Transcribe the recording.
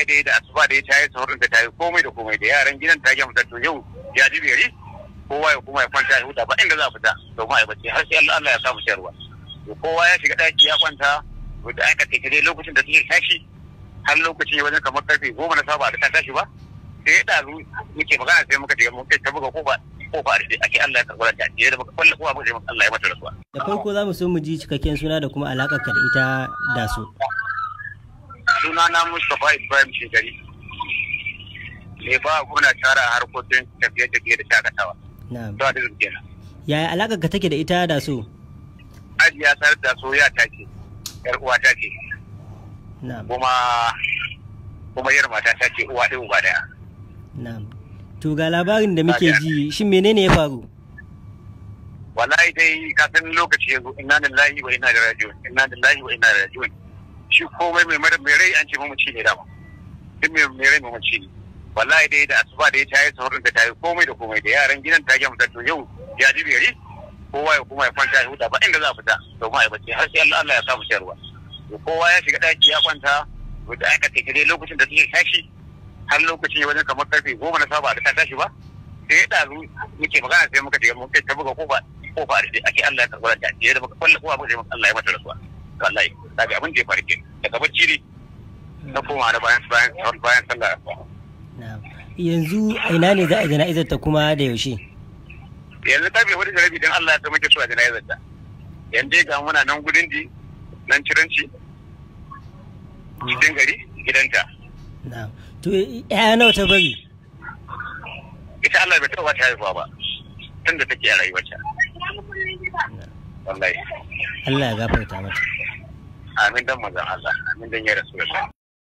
waye dai da asuba da ya ta yi sauran da ta yi komai da komai da yaran gidan ta gama to yau ya ji bere kowa ya kuma ya kwanta ya huta ba inda za a fita domin a yi bacci har sai Allah Allah ya samu sharwa to kowa ya shiga daki ya kwanta da aka kai dai lokacin da take tashi har lokacin ya wajen kamar karfe goma na saba da ta tashi ba sai ya ɗazu muke magana sai muka tafi mun tafi ga kofa kofa da ake Allah ya karɓi da ta da muka kwalla kowa muka je Allah ya mata rasuwa da farko za mu so mu ji cikakken suna da kuma alaƙar ka da ita da su suna na mustapha ibrahim shekari ne ba kuna tara harkokin tafiye-tafiye da shakatawa zuwa da zuciya yaya alaƙa ka take da ita da su ya tsar da su ya take, yar uwa ta ce kuma kuma yar mata ta ce uwa ɗin uba ɗaya to ga labarin da muke ji shin menene ya faru wallahi dai kafin lokaci ya zo inna lillahi wa inna ilaihi raji'un inna lillahi wa inna ilaihi raji'un shi komai mai mai rai an ce mamaci ne dama duk mai mai rai mamaci ne wallahi dai da asuba da ya tayi saurin da tayi komai da komai da yaran gidan ta gama to yau ya ji bere kowa ya kuma ya kwanta ya huta ba inda za a fita to ma ya har sai Allah Allah ya samu sharwa to kowa ya shiga daki ya kwanta to da aka kai dai lokacin da suke tashi har lokacin ya wajen kamar karfe goma na saba da ta tashi ba sai ya ru muke magana sai muka shiga muka ta buga kofa kofa a rufe ake Allah ya karɓar da ta da muka kwalla kowa muka sai Allah ya mata rasuwa wallahi ga abin da ya faru kenan daga bacci ne na koma da bayan bayan bayan sallah yanzu ina ne za a jana'izar ta kuma da yaushe yanzu ta fi wani jarabi don Allah ya ke so a jana'izar ta yanzu ga muna nan gudun di nan ciranci cikin gari gidanta to ya nawa ta bari ita Allah bai taɓa ta haifuwa ba tun da take a rayuwarta Allah ya gafarta mata അമിത മത അല്ല അമിത ഞാൻ